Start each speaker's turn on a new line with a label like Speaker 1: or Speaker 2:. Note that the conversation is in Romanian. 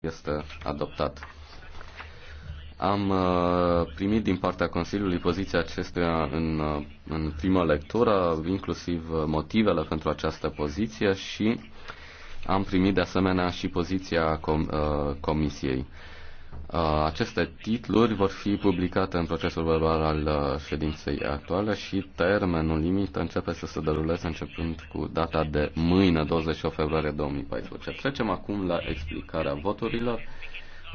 Speaker 1: este adoptat. Am uh, primit din partea Consiliului poziția acestuia în, uh, în prima lectură, inclusiv uh, motivele pentru această poziție și am primit de asemenea și poziția com, Comisiei. Uh, aceste titluri vor fi publicate în procesul verbal al uh, ședinței actuale și termenul limit începe să se deruleze începând cu data de mâine, 28 februarie 2014. Trecem acum la explicarea voturilor.